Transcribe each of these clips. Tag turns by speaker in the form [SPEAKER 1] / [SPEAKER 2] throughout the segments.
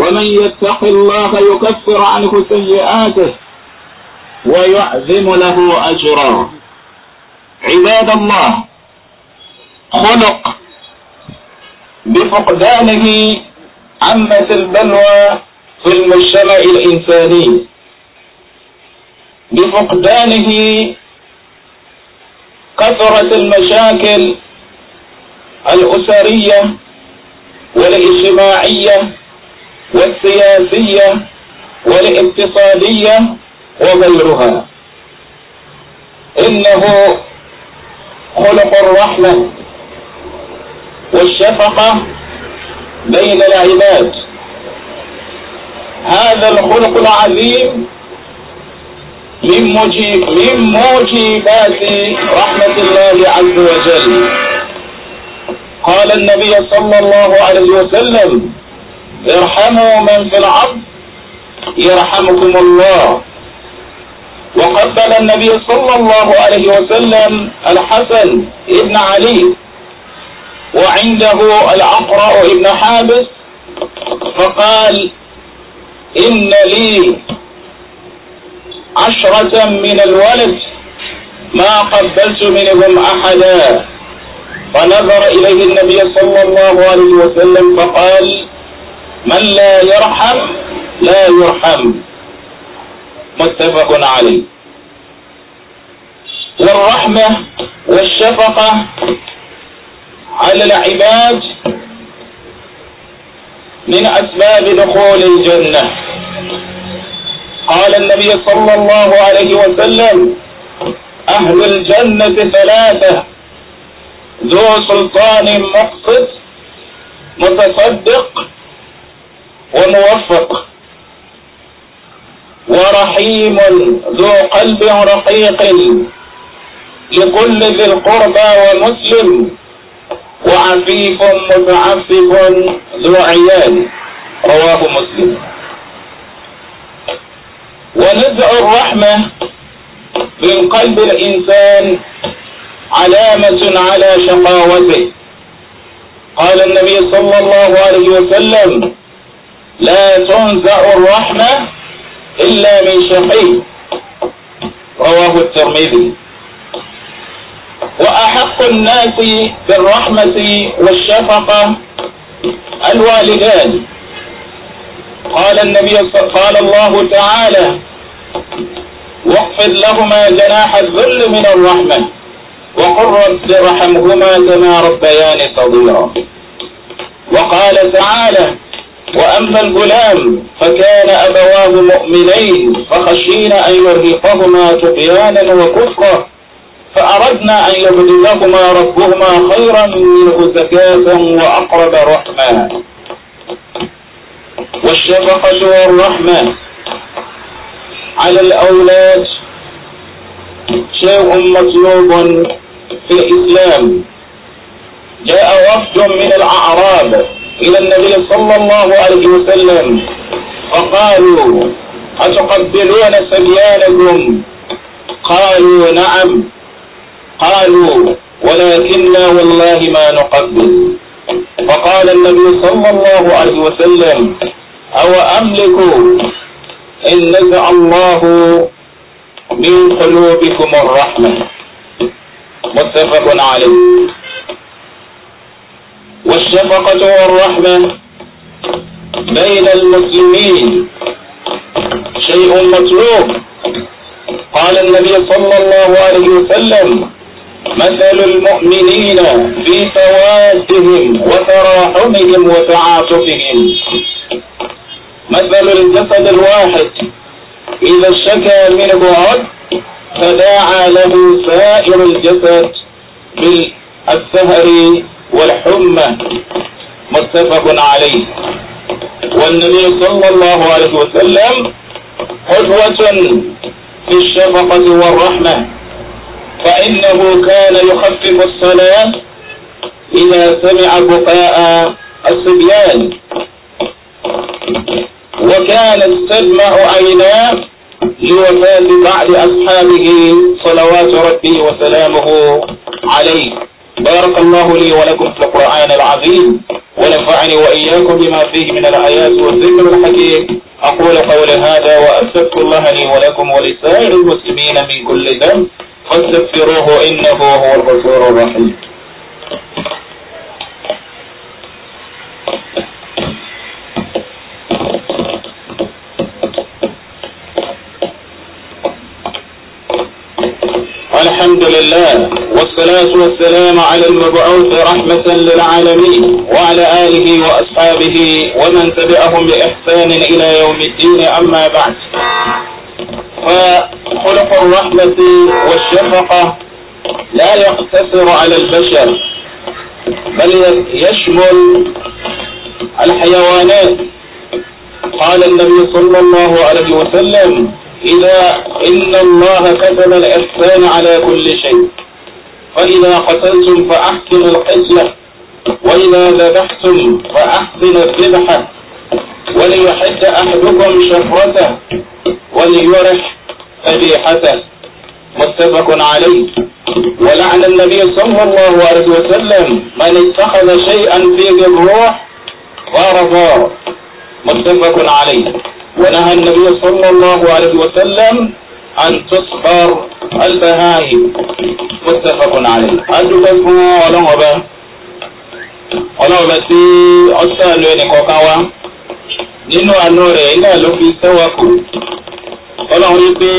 [SPEAKER 1] ومن يتق الله يكفر عنه سيئاته ويعظم له أجرا عباد الله خلق بفقدانه عمت البلوى في المجتمع الإنساني بفقدانه كثرت المشاكل الأسرية والاجتماعية والسياسية والاقتصادية وغيرها إنه خلق الرحمة والشفقة بين العباد هذا الخلق العظيم من موجب من موجبات رحمة الله عز وجل قال النبي صلى الله عليه وسلم ارحموا من في العرض يرحمكم الله وقبل النبي صلى الله عليه وسلم الحسن ابن علي وعنده العقرأ ابن حابس فقال إن لي عشرة من الولد ما قبلت منهم أحدا فنظر إليه النبي صلى الله عليه وسلم فقال من لا يرحم لا يرحم متفق عليه والرحمة والشفقة على العباد من أسباب دخول الجنة قال النبي صلى الله عليه وسلم أهل الجنة ثلاثة ذو سلطان مقصد متصدق وموفق ورحيم ذو قلب رقيق لكل ذي القربى ومسلم وعفيف متعفف ذو عيال رواه مسلم ونزع الرحمة من قلب الإنسان علامة على شقاوته قال النبي صلى الله عليه وسلم لا تنزع الرحمة إلا من شقي رواه الترمذي وأحق الناس بالرحمة والشفقة الوالدان قال النبي قال الله تعالى واخفض لهما جناح الذل من الرحمة وقل رب ارحمهما كما ربياني صغيرا وقال تعالى وأما الغلام فكان أبواه مؤمنين فخشينا أن يرهقهما طغيانا وكفرا فأردنا أن يبدلهما ربهما خيرا منه زكاة وأقرب رحما والشفقة والرحمة على الأولاد شيء مطلوب في الإسلام جاء وفد من الأعراب إلى النبي صلى الله عليه وسلم فقالوا أتقبلون سبيانكم قالوا نعم قالوا ولكننا والله ما نقبل فقال النبي صلى الله عليه وسلم أو أملك إن نزع الله من قلوبكم الرحمة متفق عليه والشفقة والرحمة بين المسلمين شيء مطلوب قال النبي صلى الله عليه وسلم مثل المؤمنين في توادهم وتراحمهم وتعاطفهم مثل الجسد الواحد إذا اشتكى منه عضو فداعى له سائر الجسد بالسهر والحمى متفق عليه والنبي صلى الله عليه وسلم قدوة في الشفقة والرحمة فإنه كان يخفف الصلاة إذا سمع بقاء الصبيان وكانت تدمع عيناه لوفاة بعض أصحابه صلوات ربي وسلامه عليه بارك الله لي ولكم في القرآن العظيم ونفعني وإياكم بما فيه من الآيات والذكر الحكيم أقول قول هذا وأستغفر الله لي ولكم ولسائر المسلمين من كل ذنب فاستغفروه إنه هو
[SPEAKER 2] الغفور الرحيم
[SPEAKER 1] الحمد لله والصلاة والسلام على المبعوث رحمة للعالمين وعلى آله وأصحابه ومن تبعهم بإحسان إلى يوم الدين أما بعد فخلق الرحمة والشفقة لا يقتصر على البشر بل يشمل الحيوانات قال النبي صلى الله عليه وسلم إذا إن الله كتب الإحسان على كل شيء فإذا قتلتم فأحسن القتلة وإذا ذبحتم فأحسنوا الذبحة وليحد أحدكم شفرته وليرح فجيحته متفق عليه ولعن النبي صلى الله عليه وسلم من اتخذ شيئا فيه الروح فارضاه متفق عليه ونهى النبي صلى الله عليه وسلم أن تصبر البهائم متفق عليه أدوك فما ولنغبا ولنغبا سي أشان لين كوكاوا nínú àánú rẹ̀ iná ló fi sẹ́wà kù ọlọ́run rí pé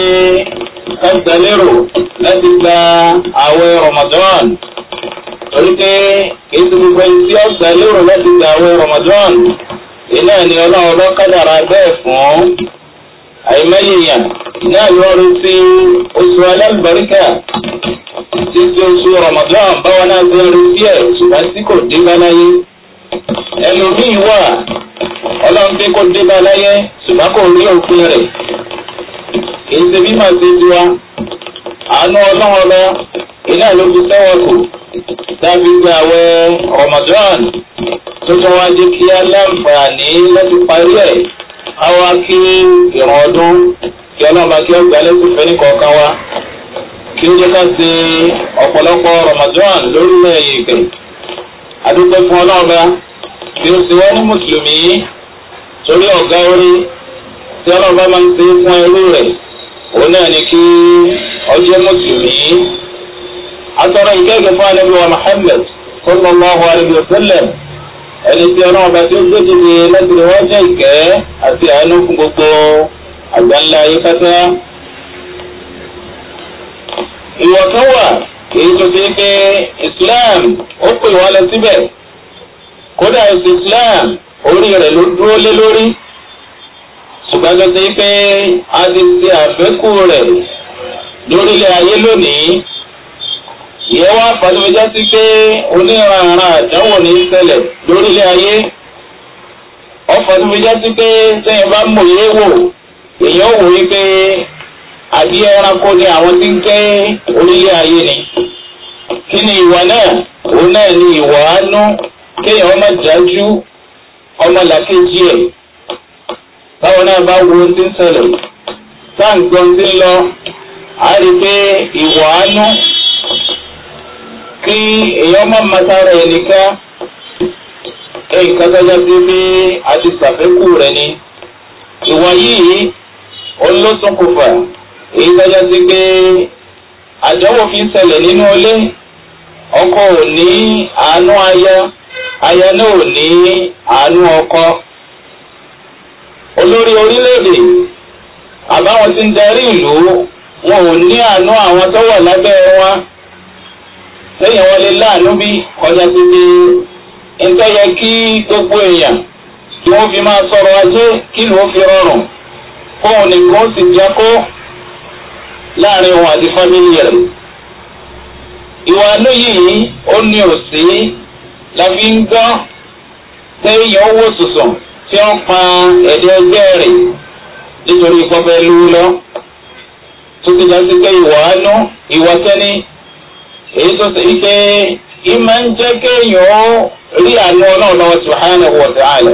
[SPEAKER 1] kájàlérò láti gba àwẹ̀ ramadan torí pé kì í ti gbogbo ẹni tí ọ̀sán lérò láti gba àwẹ̀ ramadan iná ni ọlọ́run lọ kádàrá bẹ́ẹ̀ fún àìmọye èèyàn iná ìrọ̀rù tí oṣù alábàríkà tí tí oṣù Ramadan báwa náà ti ń retí ẹ̀ ṣùgbọ́n tí kò dé bá láyé ẹlòmíì wà ọlọ́run pé kó dé bá ṣùgbọ́n kò rí òpin rẹ̀ kì í bí màá ṣe tiwa. àánú ọlọ́run lọ iná ló fi tẹ́wọ̀n kù dábí gba àwẹ̀ Ramadan tó tún wá jẹ́ kí á láti parí ẹ̀ àwa kí ìràn ọdún kí ọlọ́run kí lẹ́sìn fẹ́ nìkọ̀ọ̀kan wa kí ó jẹ́ ká ọ̀pọ̀lọpọ̀ lórílẹ̀ ìgbẹ́ fún ó ní mùsùlùmí torí ọ̀gá ọjọ́ mùsùlùmí atọ́rọ ìkẹ́kẹ́ fún anabi wa muhammed sallallahu alayhi wa sallam ẹni tí ọlọ́run bá tí ó gbé dìde láti lè wọ́n jẹ́ ìkẹ́ àti àánú fún gbogbo àgbáńlá ayé pátá. ìwọ̀ kan wà èyí tó ti pé islam ó pè wá lọ síbẹ̀ kódà ẹ̀sìn islam orí rẹ̀ ló dúró lé lórí ṣùgbọ́n tó ti pé a ti ṣe àfẹ́kù rẹ̀
[SPEAKER 2] lórílẹ̀ ayé
[SPEAKER 1] lónìí ìyẹn wá fàtúnfẹ́jọ́ sí pé oníranran àdánwò ní ṣẹlẹ̀ lórílẹ̀ ayé ọfàtúnfẹ́jọ́ sí pé sẹ́yìn bá mọ̀ yé wò èèyàn wò yí pé àbí ẹranko ni àwọn tí ń kẹ́ orílẹ̀ ayé ni kí ni ìwà náà òun náà ni ìwà ánú kéèyàn ọmọ dájú ọmọ làkejì ẹ̀ báwọn náà bá wo ohun tí ń ṣẹlẹ̀ sáà ń gbọ́n tí ń lọ a rí pé ìwọ̀ àánú kí èyàn má masára ẹnìkan nǹkan tó jẹ́ pé bí a ti ṣàfẹ́kù rẹ̀ ni ìwọ̀ yìí olóṣùnkùnfà èyí tó jẹ́ sí pé àjọwò fi ń ṣẹlẹ̀ nínú ilé ọkọ ò ní àánú aya aya náà ò ní àánú ọkọ olórí orílẹ̀-èdè àbáwọn tí ń darí ìlú wọn ò ní àánú àwọn tó wà lábẹ́ wọn lẹ́yìn wọn lè láàánú bí ọjà ti di nǹkan yẹ kí gbogbo èèyàn kí wọ́n fi máa sọ̀rọ̀ ajé kí ló fi rọrùn fóun nìkan sì jẹ́ kó láàrin òun àti fámìlì rẹ̀. ìwà lóyè yìí ó ní òsì la ń gbọ́ sẹ́yìn owó sùsùn tí wọ́n pa ẹ̀dẹ́ rẹ̀ nítorí pọ́fẹ́ lówó lọ́wọ́ tó ti dá sí pé ìwà ánú ìwà sẹ́ni èyí tó ṣe pé ì máa ń jẹ́ kéèyàn ó rí àánú ọlọ́run lọ́wọ́ subhanahu wa ta'ala.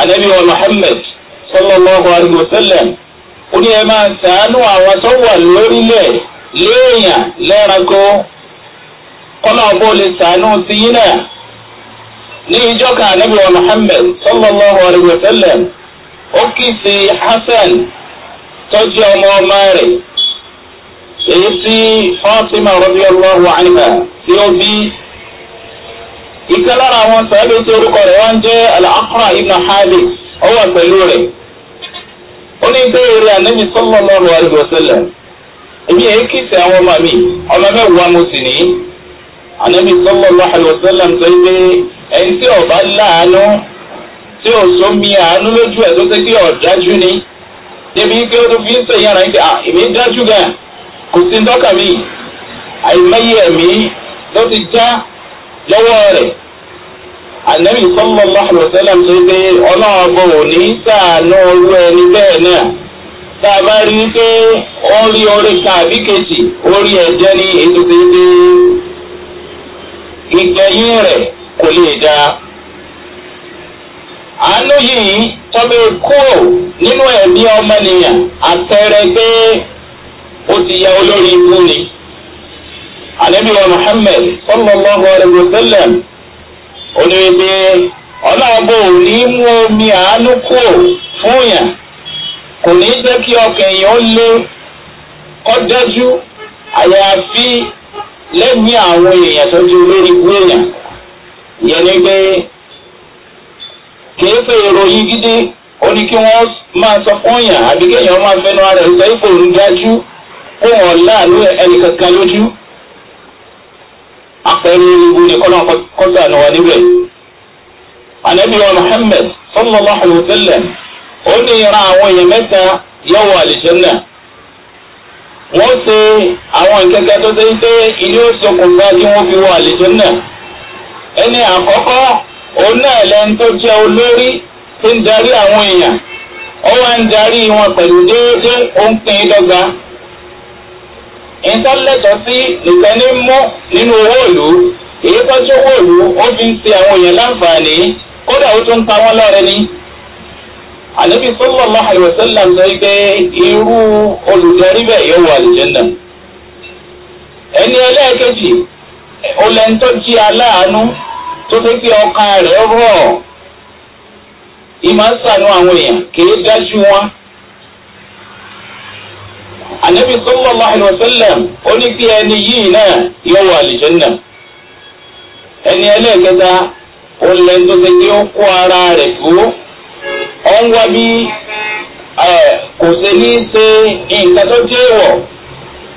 [SPEAKER 1] Ànábì wa Muhammad sallallahu alayhi wa sallam ó ní ẹ máa ṣàánú àwọn tó wà lórílẹ̀ léèyàn lẹ́ranko kọ́lọ́ọ̀bù lè ṣàánú sí yín náà. Ní ìjọ́ kan Ànábì wa Muhammad sallallahu alayhi wa sallam ó kì í sí Hasan. tọ́jú ọmọ ọmọ rẹ̀ èyí tí Fatima radiyallahu anha tí ó bí ìkan lára àwọn sàábé tí orúkọ rẹ̀ wá jẹ́ al-Aqra ibn Habis pẹ̀lú rẹ̀ ó ní èmi èyí kì í àwọn ọmọ mi ọmọ mẹ́wàá mo sì ní tó ẹni tí láàánú tí ò sómi àánú lójú ẹ̀ tó kí ọ̀dájú ni. débi pé ó tún fi ń sèyàn ara yín pé ah èmi ń dán ṣúgà kò sí ń dọ́kà mí àìmọye ẹ̀mí ló ti já lọ́wọ́ rẹ̀ ànábì sọ́mọ́lá àlùsẹ́lẹ̀m tó pé ọlọ́ọ̀gbọ̀n ò sàánú orú ẹni bẹ́ẹ̀ náà tá a bá rí pé ó rí orí tàbí kejì orí ẹ̀jẹ̀ ní ètò tó pé gbígbẹ̀yìn rẹ̀ kò lè dáa. àánú yìí tọ́lé kúrò nínú ẹ̀mí ọmọnìyàn àpẹẹrẹ pé ó ti ya olórí ikú ni. àlẹ́bí wa muhammed sallallahu alayhi wa sallam ọlọ́ọ̀bọ ò ní mú omi àánú kúrò fún yàn kò ní jẹ́ kí ọkàn èèyàn lé àyàfi àwọn èèyàn tó di olórí ikú kìí ṣe ìròyìn gidi ó ní kí wọ́n máa sọ fọ́ọ̀yàn àbí kéèyàn máa fẹnu ara rẹ̀ sọ ipò òun kó wọn láàánú ẹnì kankan lójú. apẹ̀rù ìwú ni kọ́lá kọ́sà ni wà níbẹ̀. anabi wa muhammed sallallahu alayhi wa sallam ó ní ìran àwọn èèyàn mẹ́ta yóò wọ àlìjẹ́nà. wọ́n ṣe àwọn ìkẹ́kẹ́ tó ṣe ń ṣe ilé òṣokùnfà tí wọ́n fi wọ àlìjẹ́nà. ẹni àkọ́kọ́ òun náà lẹ́ni tó jẹ́ olórí tí ń darí àwọn èèyàn ó wá ń darí wọn pẹ̀lú déédéé òǹpin dọ́gba ìtọ́lẹ́tọ̀ sí nìkan ní mú nínú owó ìlú èyí tó tún owó ìlú ó fi ń ṣe àwọn èèyàn láǹfààní kódà ó tún ta wọ́n ni. sọ pé irú olùdarí bẹ́ẹ̀ yóò wà ẹni ẹlẹ́ẹ̀kejì tó fi pé ọkàn rẹ̀ rọ̀ ìmọ̀ ń sànú àwọn èèyàn kìí dájú wọn. Ànábì sallallahu alaihi wasallam ó ní kí ẹni yìí náà yóò wọ àlùjánnà. Ẹni ẹlẹ́ẹ̀kẹta ó lẹ́n tó ṣe kí kó ara rẹ̀ dúró. Ó wá bí kò ṣe ní ṣe nǹkan tó jẹ́ ìwọ̀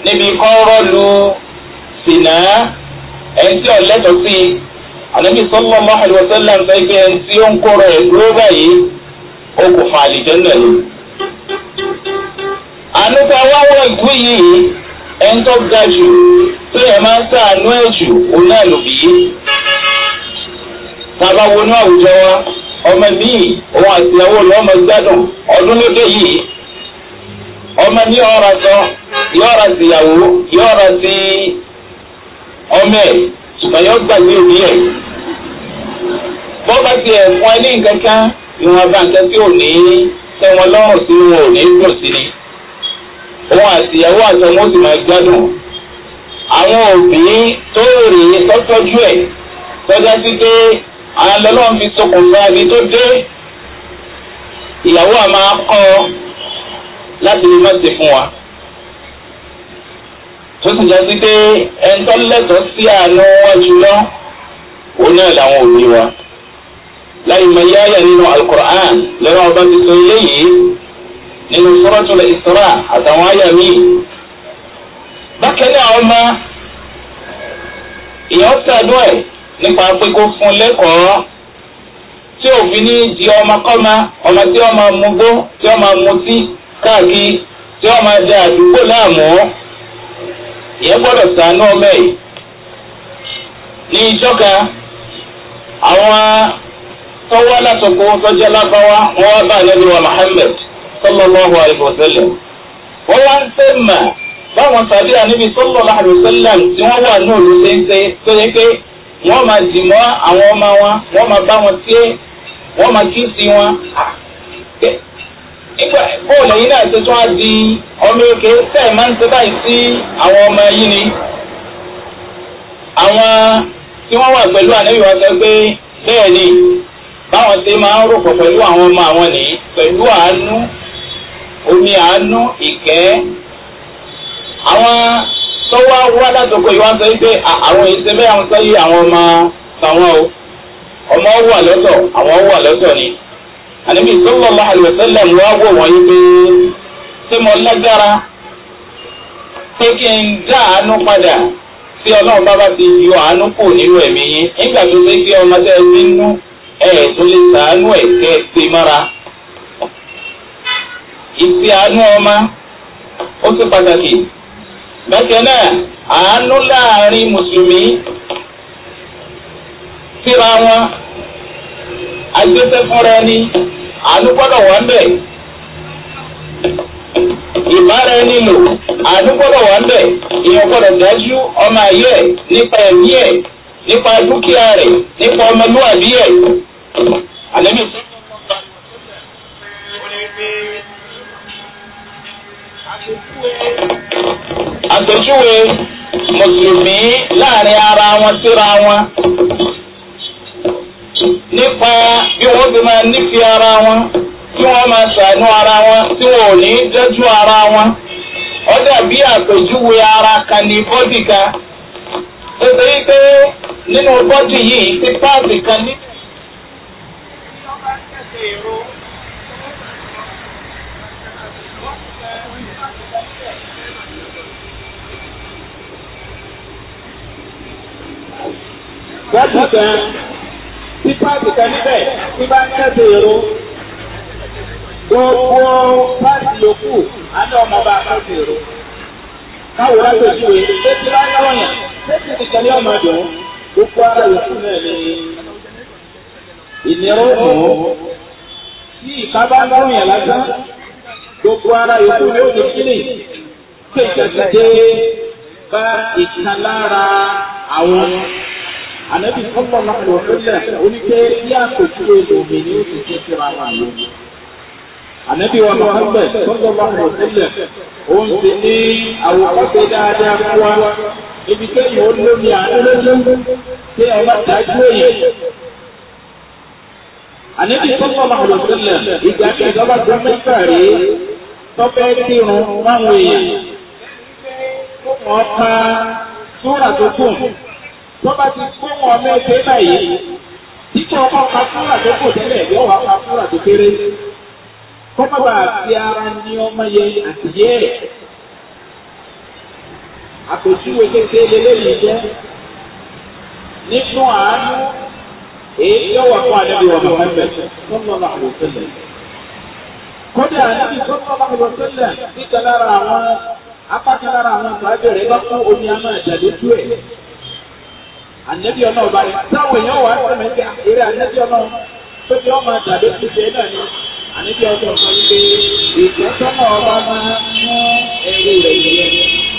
[SPEAKER 1] níbi kọ́rọ́ lu sìnà tí ọ̀lẹ́tọ̀ọ́ sí i àlẹ́bí sọ́lọ́ mọ́ àlùwọ̀sọ́lá ń sọ pé ẹni tí ó ń kọ́rọ̀ ẹ̀ dúró báyìí ó kò fa àlìjẹ́ náà yìí. ànúkà wáwọ̀ ìgbú yìí ẹni tó ga jù tó yẹ máa ń sàánú ẹ̀ jù òun náà lò bìí. tábà wọnú àwùjọ wa ọmọ míì òun àti ìyàwó ọmọ gbádùn ọdún lóde yìí ọmọ ní ọ̀rọ̀ sọ yọ̀ọ̀rọ̀ sí ìyàwó yọ̀ọ̀rọ̀ sí ọmọ ẹ̀ ṣùgbọ́n yọ̀ọ́ gbàgbé òbí ẹ̀ bọ́ọ̀bá ti ẹ̀fọn ilé nǹkan kan ìwọ̀nba nǹkan tí ò ní tẹ́wọn lọ́rùn sí wọn ò ní dùn sí ni. òun àti ìyàwó àtọmọ ó sì máa gbádùn. àwọn òbí tó rè é tọ́tọ́jú ẹ̀ tọ́já sí pé àlọ́lọ́run fi ṣokùnfà ibi tó dé ìyàwó àmà kọ́ láti lè má ṣe fún wa tó sì jásí pé ẹni tó lẹ́tọ̀ọ́ sí àánú wọn jùlọ òun náà làwọn òbí wa láì mọ yáyà nínú alukur'an lọ́wọ́ ọba ti sọ eléyìí nínú suratul Isra àtàwọn àyà mi. bákan náà ọmọ ìyá ọ̀sẹ̀dọ̀ ẹ̀ nípa pé kó fún lẹ́kọ̀ọ́ tí òfin ní di ọmọkọ́mọ ọmọ tí ọmọ mugbó tí ọmọ mutí káàkiri tí ọmọ ajá àdúgbò láàmú ìyẹn gbọ́dọ̀ ṣàánú ọmọ ẹ̀ ní ìjọ́ka àwọn. tó wá látọkọ tó jẹ́ lábáwá wọn wá bá wa sallallahu alaihi wasallam wá ń sẹ́ mà báwọn tàbí àníbi sallallahu tí wọ́n wà ní tó ọmọ wọ́n máa bá wọn tiẹ́ wọ́n máa kí sí wọn nípa bóòlù náà tún á di ọmọ òkè máa ọmọ yìí ni báwọn ṣe máa ń rògbò pẹ̀lú àwọn ọmọ àwọn nìyí pẹ̀lú àánú omi àánú ìkẹ́. àwọn tó wá wá látòkò yìí wá ń sọ pé àwọn ìṣe bẹ́ẹ̀ àwọn sọ yìí àwọn ọmọ tàwọn o
[SPEAKER 2] ọmọ wà lọ́tọ̀ àwọn wà lọ́tọ̀ ni.
[SPEAKER 1] ń wá wò wọ́n
[SPEAKER 2] yìí
[SPEAKER 1] pé mo lágbára pé kí n dá àánú padà ọlọ́run bá bá ti yọ àánú kù nínú ẹ̀mí nígbà tó ẹ tó lè sàánú ẹ kẹ ẹ ṣe mára ìṣe àánú ọmọ ó ṣe pàtàkì bákan náà àánú láàrin mùsùlùmí síra wọn agbésẹ fúnra ẹni àánú gbọ́dọ̀ wà ń bẹ ìbára ẹni lò àánú gbọ́dọ̀ wà ń bẹ ìyẹn gbọ́dọ̀ dájú ọmọ ayé nípa ẹ̀mí ẹ. nípa dúkìá rẹ̀ nípa ọmọlúwàbí ẹ̀ àlẹ́bí sọ. àpèjúwe mùsùlùmí láàrin ara wọn síra wọn nípa bí wọ́n ti máa nífi ara wọn tí wọ́n máa ṣàánú ara wọn tí wọ́n ò ní dẹ́jú ara wọn ara kan ní bọ́dì nínú bọ́dì yìí ti páàsì kan ní. bọ́dì kan
[SPEAKER 2] tí páàsì kan níbẹ̀ tí bá ń tẹ̀sẹ̀ èrò gbogbo páàsì yòókù àti
[SPEAKER 1] ọmọ bá páàsì èrò. káwòrán tó ju èyí tó ti bá ń lọ́wọ́ yẹn
[SPEAKER 2] tó ti ti tẹ̀lé ọmọ àdùn. Gbogbo ara yòókù náà ni ìnira ó mọ̀
[SPEAKER 1] ọ́. Tí ìka bá ń lọ́rùn yẹn lásán, gbogbo ara yòókù ni ó ní kílè. Pé ìkẹ́kẹ́ dé
[SPEAKER 2] bá ìkan lára
[SPEAKER 1] àwọn ànábì sọ́kọ̀ máa lọ sílẹ̀ oníké bí àkókò èlòmí ni ó ti jẹ́ síra wọn Ànábì wa Muhammad sọ́kọ̀ máa lọ sílẹ̀
[SPEAKER 2] òun ti ní àwòkọ́ṣe dáadáa fún wa ibi tó yìí ó lómi àárín
[SPEAKER 1] tí ẹ bá dájú èyí. Àníbi sọ́kọ̀ máa lọ sílẹ̀ ìgbà tí ìjọba tó mẹ́fà rí tọ́pẹ́ kírun fáwọn èèyàn.
[SPEAKER 2] Wọ́n pa súrà tó kù. Wọ́n bá ti kó wọn mẹ́fẹ́ báyìí. Títí ọkọ̀ pa súrà tó kù tẹ́lẹ̀ yóò wá pa súrà tó kéré. Kọ́kọ́ bá fi ara ní ọmọ yẹn àtìyẹ́
[SPEAKER 1] rẹ̀ àpèjúwe kékeré lélẹ́yìn jẹ́ nínú àánú èyí tí ó wà fún àdébí wa Muhammad sọ́nà àlùfẹ́lẹ̀. kódà àdébí sọ́nà àlùfẹ́lẹ̀ níta lára àwọn apáta lára àwọn àgbàjọ̀rẹ́ bá fún omi àmọ́ ẹ̀jẹ̀ lójú ẹ̀. ànábì ọ̀nà ọba rẹ̀ táwọn èèyàn wà á sọ̀rọ̀ ẹ̀jẹ̀ àkéré ànábì ọ̀nà tó fi
[SPEAKER 2] ọmọ ẹ̀jẹ̀ lójú ẹ̀ náà ni ànábì ọ̀nà ọba rẹ̀ ìtọ́sọ́nà ọba máa ń mú ẹrú rẹ̀ yẹn.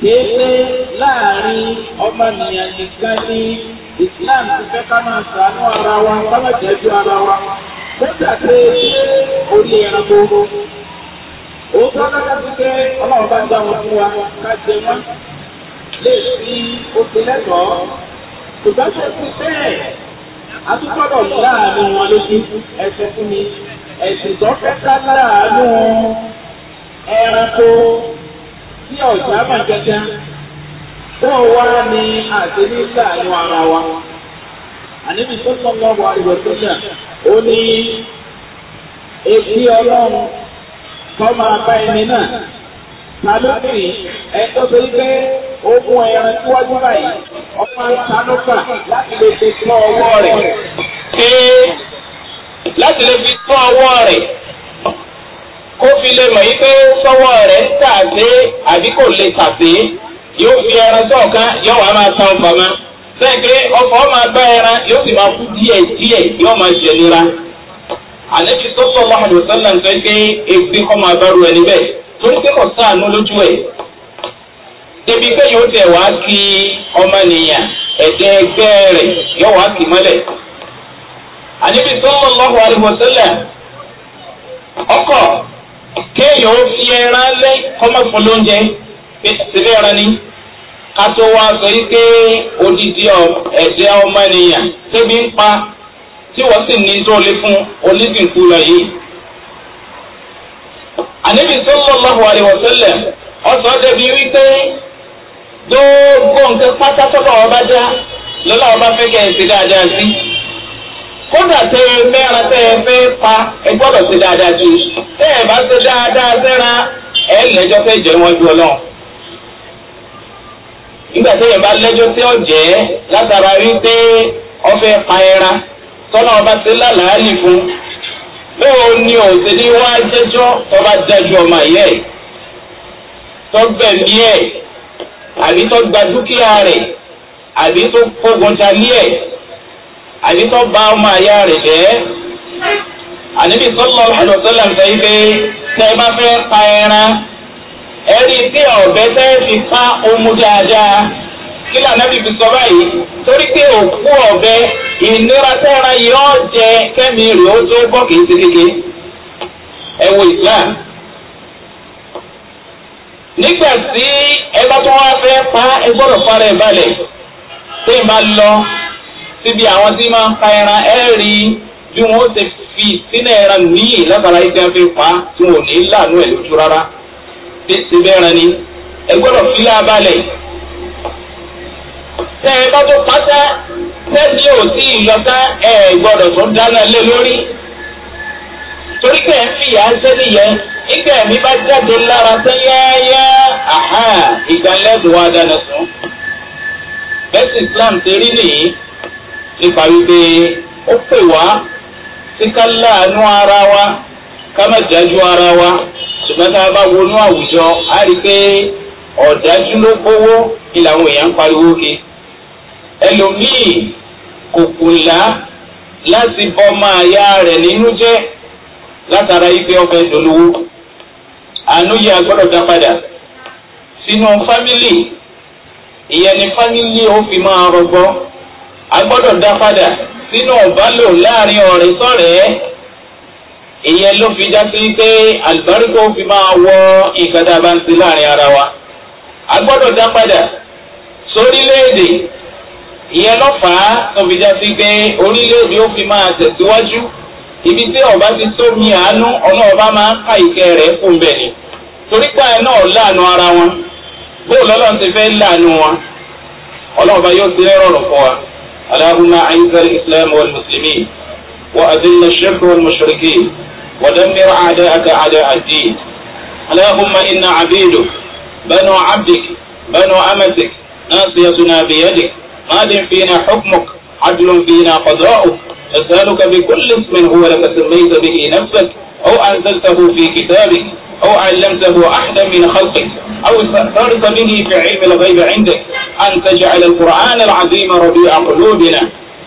[SPEAKER 1] kìí pé láàrin ọmọnìyàn nìkan ní Islam ti fẹ́ ká máa ṣàánú ara wa ká jẹ́jú ara wa
[SPEAKER 2] kódà pé ṣé orí ẹranko òótọ́ lọ́dọ̀ ti pé ọlọ́run bá ń dá wọn fún wa ká jẹ wọn lè fi lẹ́tọ̀ọ́ ti bẹ́ẹ̀ láàánú wọn lójú ẹsẹ̀ fún mi ẹ̀sìn tó fẹ́ ká láàánú ẹranko. tí ọ̀já mà jẹjẹ wọ́n
[SPEAKER 1] wá ní àdéhùn láàrin ara wa. àníbi tó sọ lọ àìwọ̀ tó yà ó ní etí ọlọ́run kọ́ máa bá ẹni náà ta ló ogun ẹran síwájú báyìí ọmọ sanúkà láti lè fi tọ́ ọwọ́ rẹ̀. kó fi lè mọ̀ yí pé sọ́wọ́ rẹ̀ ń tà sí àbí kò lè tà sí yóò fi ẹran sọ̀kan yóò wá máa san fama sẹ́ẹ̀kẹ́ ọkọ̀ máa gbá ẹran yóò sì máa kú díẹ̀ díẹ̀ yóò máa ṣe nira. àlejò tó sọ wàhálà sọ́nà ń sọ pé kọ́ máa ẹni bẹ́ẹ̀ sáànù lójú ẹ̀. débi pé yóò tẹ̀ wá kí ẹ̀jẹ̀ ẹgbẹ́ rẹ̀ yóò wá kì mọ́lẹ̀. àlejò tó sọ wàhálà ọkọ̀ kéèyàn ó fi ẹran lẹ́ kọ́mọ̀fọ́ lóúnjẹ pé síbẹ̀ ẹran ni ká tó wá sọ yí pé odidi ẹ̀jẹ̀ ọmọ ènìyàn tẹ́bí ń pa tí wọ́n sì ní tó lé fún onídìkú lọ yìí. àníbi sallallahu alaihi wasallam ọ̀sán débi wípé gbogbo nǹkan pátá tọ́lọ̀ ọba já lọ́lá ọba fẹ́ kẹ́ ẹ̀ sí dáadáa sí kódà tẹ ẹ mẹ́ra tẹ ẹ fẹ́ pa ẹ gbọ́dọ̀ ṣe dáadáa sí i tẹ ẹ bá ṣe dáadáa sẹ́ra ẹ lẹ́jọ́ fẹ́ jẹ́ wọn ju ọlọ́run. nígbà tẹ ẹ bá lẹ́jọ́ tí ó jẹ́ látara rí pé ọfẹ́ pa ẹran tọ́lá ọba ṣe lálàálì fún bẹ́ẹ̀ ni ò ṣe ní wá jẹ́jọ́ tọ́ba jẹ́jọ́ ọmọ ìyá ẹ̀ tọ́gbẹ̀mí ẹ̀ àbí tó dúkìá rẹ̀ àbí tó kógun jalí ẹ̀ àbí tó bá ọmọ àyà rẹ̀ jẹ́ ànábì sallallahu alaihi wasallam sọ pé tẹ́ ẹ bá fẹ́ pa ẹran ẹ rí i pé ọ̀bẹ tẹ́ fi pa omu dáadáa kí lànà bí fi sọ báyìí torí pé òkú ọ̀bẹ ìnira tẹ́ran yóò jẹ kẹ́mi rẹ̀ ó tó bọ́ kìí ṣe kékeré ẹ Islam nígbà tí ẹ bá tó wá fẹ́ pa ẹ gbọ́dọ̀ fara ẹ balẹ̀ tẹ́ ẹ bá lọ síbi àwọn tí máa ń pa ẹran ẹ bí wọn ṣe fi sínú ẹran míì lábàrá iṣẹ́ fi pa tí wọn ò ní láàánú ẹ̀ lójú rárá síbi ẹran ni ẹ gbọ́dọ̀ fi láàbàlẹ̀ tẹ ẹ bá tó pátá tẹ́tí ò sí ìlọ́tá ẹ gbọ́dọ̀ tó dáná lé lórí torí pé ẹ ń fìyà sẹ́ni yẹn ìgbà ẹ̀mí bá jáde lára tán yáyá àhá wa dáná sùn bẹ́sì Islam ti rí nìyí nípa wípé ó pè wá sí ká láàánú ara wa ká má dájú ara wa ṣùgbọ́n tá a bá wọnú àwùjọ á rí i pé ọ̀dájú ló gbówó ni làwọn èèyàn ń pariwo ke ẹlòmíì kò kùnlá láti bọ́ máa yá rẹ̀ nínú jẹ́ látara ife ọ̀fẹ́ dolówó ànúyẹ agbọ́dọ̀ dá padà sínú fámìlì ìyẹn fámìlì ó fi máa rọgbọ́n a gbọ́dọ̀ dá padà sínú ọ̀bálò láàrin ọ̀rẹ́ sọ̀rẹ́ ìyẹn ló fi já sí pé àlùbáríkò fi máa wọ nǹkan tá a bá ń ṣe láàrin ara wa a gbọ́dọ̀ dá padà sórílẹ̀-èdè ìyẹn ló fà á tó fi já sí pé orílẹ̀-èdè ó fi máa tẹ̀síwájú ibi tí ọba ti tó mi àánú ọ̀nà máa ń ká ìkẹ́ rẹ̀ fún bẹ́ẹ̀ ni torí pé àyẹ̀ náà láàánú ara wọn bóòlù ọlọ́run ti fẹ́ láàánú wọn ọlọ́run yóò ti rẹ́rọ̀rùn fún wa. اللهم أعز الإسلام والمسلمين وأذل الشرك والمشركين ودمر أعداءك أعداء الدين اللهم إنا عبيدك بنو عبدك بنو أمتك ناصيتنا بيدك ماض فينا حكمك عدل فينا قضاؤك نسألك بكل اسم هو لك سميت به نفسك أو أنزلته في كتابك أو علمته أحدا من خلقك أو استأثرت به في علم الغيب عندك أن تجعل القرآن العظيم ربيع قلوبنا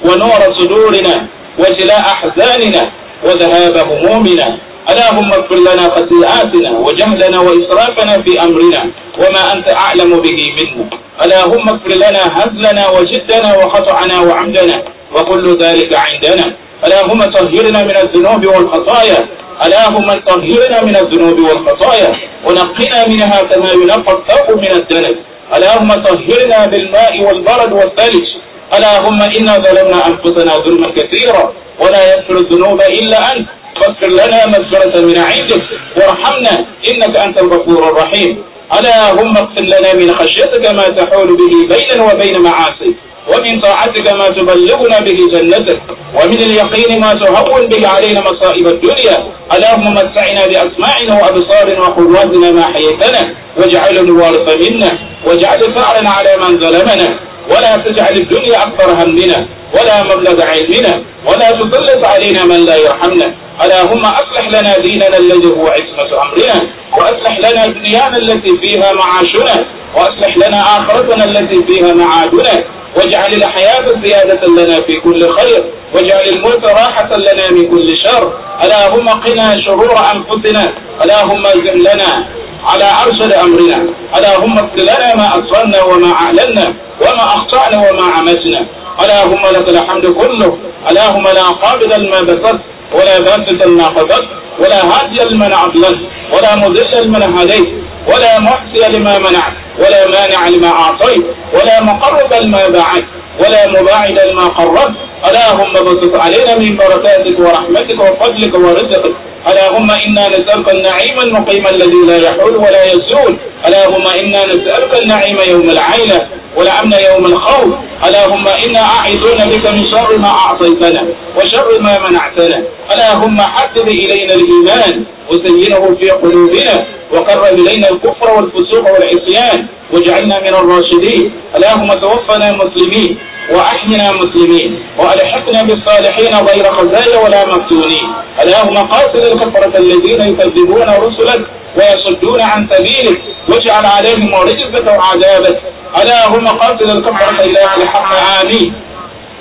[SPEAKER 1] ونور صدورنا وجلاء أحزاننا وذهاب همومنا اللهم اغفر لنا خطيئاتنا وجهلنا وإسرافنا في أمرنا وما أنت أعلم به منه اللهم اغفر لنا هزلنا وجدنا وخطعنا وعمدنا وكل ذلك عندنا اللهم طهرنا من الذنوب والخطايا اللهم طهرنا من الذنوب والخطايا ونقنا منها كما ينقى الثوب من الدنس اللهم طهرنا بالماء والبرد والثلج اللهم إنا ظلمنا أنفسنا ظلما كثيرا ولا يغفر الذنوب إلا أنت فاغفر لنا مغفرة من عندك وارحمنا إنك أنت الغفور الرحيم اللهم اغفر لنا من خشيتك ما تحول به بيننا وبين معاصيك ومن طاعتك ما تبلغنا به جنتك ومن اليقين ما تهون به علينا مصائب الدنيا اللهم متعنا بأسماعنا وأبصارنا وقواتنا ما حييتنا واجعل الوارث منا واجعل فعلا على من ظلمنا ولا تجعل الدنيا أكبر همنا ولا مبلغ علمنا ولا تسلط علينا من لا يرحمنا اللهم أصلح لنا ديننا الذي هو عصمة أمرنا وأصلح لنا دنيانا التي فيها معاشنا وأصلح لنا آخرتنا التي فيها معادنا واجعل الحياة زيادة لنا في كل خير واجعل الموت راحة لنا من كل شر اللهم قنا شرور أنفسنا اللهم زم لنا على أرسل أمرنا اللهم اغفر لنا ما أسررنا وما أعلنا وما أخطأنا وما عمتنا اللهم لك الحمد كله اللهم لا قابل ما بسطت ولا باسط ما قبضت ولا هادي لمن عدلت ولا مضل لمن هديت ولا محصي لما منعت ولا مانع لما أعطيت ولا مقرب لما بعدت ولا مباعد لما قربت اللهم بسط علينا من بركاتك ورحمتك وفضلك ورزقك اللهم إنا نسألك النعيم المقيم الذي لا يحول ولا يزول اللهم إنا نسألك النعيم يوم العينة والأمن يوم الخوف اللهم إنا أعيذون بك من شر ما أعطيتنا وشر ما منعتنا اللهم حدد إلينا الإيمان وزينه في قلوبنا وقر إلينا الكفر والفسوق والعصيان واجعلنا من الراشدين اللهم توفنا مسلمين وأحينا مسلمين وألحقنا بالصالحين غير خزايا ولا مفتونين اللهم قاتل الكفرة الذين يكذبون رسلك ويصدون عن سبيلك واجعل عليهم رجزة وعذابك اللهم قاتل الكفرة إله الحق آمين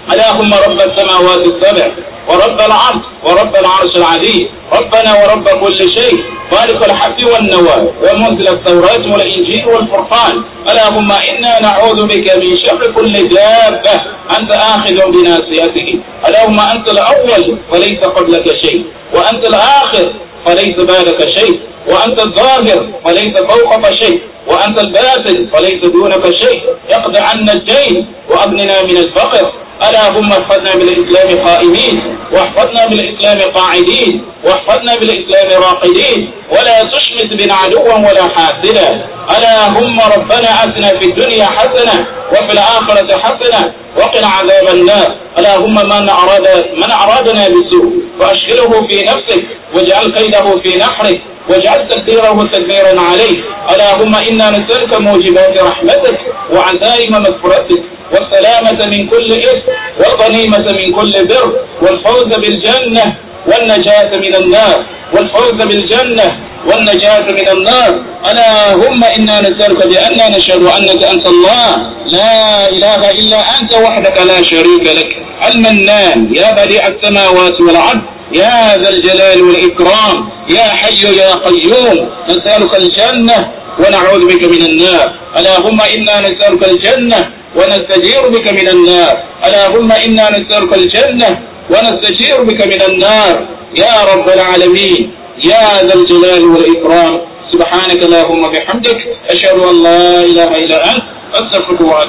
[SPEAKER 1] اللهم رب السماوات السبع ورب العرش ورب العرش العلي ربنا ورب كل شيء خالق الحب والنوى ومنزل التوراة والإنجيل والفرقان اللهم إنا نعوذ بك من شر كل دابة أنت آخذ بناصيته اللهم أنت الأول وليس قبلك شيء وأنت الآخر فليس بعدك شيء وأنت الظاهر فليس فوقك شيء وأنت الباطن فليس دونك شيء اقض عنا الدين وأغننا من الفقر ألا هم احفظنا بالإسلام قائمين واحفظنا بالإسلام قاعدين واحفظنا بالإسلام راقدين ولا تشمس بنا عدوا ولا حاسدا ألا هم ربنا أتنا في الدنيا حسنة وفي الآخرة حسنة وقنا عذاب النار ألا هم من, أراد من أرادنا بسوء فأشغله في نفسك واجعل قيده في نحرك واجعل تقديره تدميرا عليه ألا هم إنا نسألك موجبات رحمتك وعزائم مغفرتك والسلامة من كل إثم والغنيمة من كل بر والفوز بالجنة والنجاة من النار والفوز بالجنة والنجاة من النار هم إنا نسألك بأننا نشهد أنك أنت الله لا إله إلا أنت وحدك لا شريك لك المنان يا بديع السماوات والعرض يا ذا الجلال والإكرام يا حي يا قيوم نسألك الجنة ونعوذ بك من النار هم إنا نسألك الجنة ونستجير بك من النار اللهم إنا نسألك الجنة ونستجير بك من النار يا رب العالمين يا ذا الجلال والإكرام سبحانك اللهم بحمدك أشهد أن لا إله إلا أنت أستغفرك